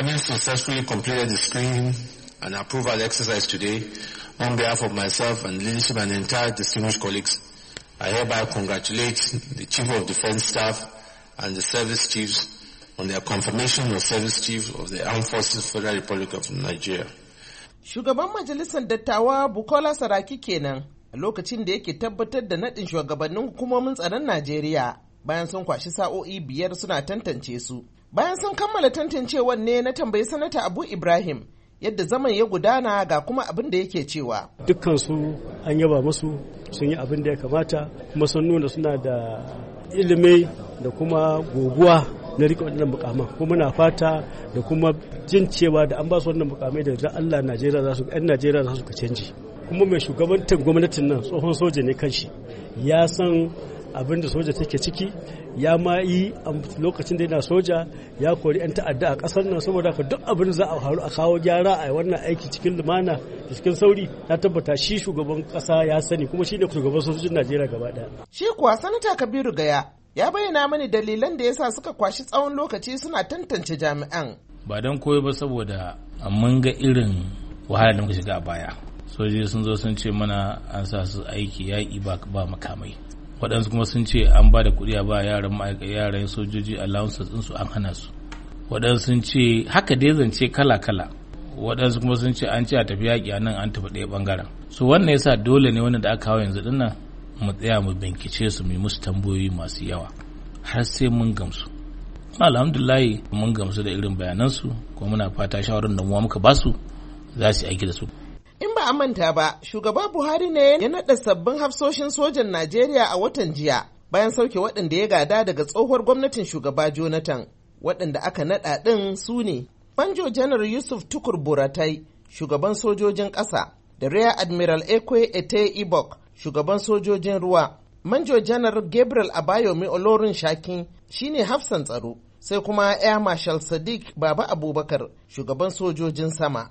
Having successfully completed the screening and approval exercise today, on behalf of myself and leadership and entire distinguished colleagues, I hereby congratulate the Chief of Defense Staff and the Service Chiefs on their confirmation of Service Chief of the Armed Forces Federal Republic of Nigeria. Shugaban Majalisar Dattawa Bukola Saraki kenan a lokacin da yake tabbatar da naɗin shugabannin hukumomin tsaron Najeriya bayan sun kwashi sa'o'i biyar suna tantance su. bayan sun kammala tantancewar ne na tambayi sanata abu ibrahim yadda zaman ya gudana ga kuma abin da yake cewa dukkan su an yaba musu sun yi abin da ya kamata kuma sun nuna suna da ilimi da kuma goguwa na riƙe waɗannan mukaman kuma na fata da kuma jin cewa da an ba su wannan mukamai da Allah Najeriya za su ɗan Najeriya za su ka canji kuma mai shugabantar gwamnatin nan tsohon soja ne kanshi ya san abinda soja take ciki ya ma yi lokacin da yana soja ya kori 'yan ta'adda a ƙasar nan saboda ka duk abin za a haru a kawo gyara a wannan aiki cikin lumana da cikin sauri na tabbata shi shugaban ƙasa ya sani kuma shi ne shugaban sojojin najeriya gaba ɗaya. shi kuwa sanata kabiru gaya ya bayyana mani dalilan da yasa suka kwashi tsawon lokaci suna tantance jami'an. ba don koyo ba saboda mun ga irin wahala da muka shiga a baya sojoji sun zo sun ce mana an sa su aiki yaƙi ba makamai waɗansu kuma sun ce an ba da kuɗi a ba yaran yaran sojoji allowances su an hana su waɗansu sun ce haka dai zance kala-kala waɗansu kuma sun ce an ce a tafi yaƙi a nan an tafi ɗaya ɓangaren su wannan yasa dole ne wanda da aka kawo yanzu dinnan mu tsaya mu bincike su mu musu tambayoyi masu yawa har sai mun gamsu alhamdulahi mun gamsu da irin bayanansu kuma muna fata shawarar da muwa muka basu za su yi aiki da su ba a manta ba, shugaba Buhari ne ya naɗa sabbin hafsoshin sojan Najeriya a watan jiya bayan sauke waɗanda ya gada daga tsohuwar gwamnatin shugaba Jonathan. Waɗanda aka naɗa ɗin su ne Banjo Janar Yusuf Tukur Buratai, shugaban sojojin ƙasa, da Rear Admiral Ekwe Ete Ibok, shugaban sojojin ruwa. Manjo Janar Gabriel mai Olorin shaki shine hafsan tsaro, sai kuma Air Marshal Sadiq Baba Abubakar, shugaban sojojin sama.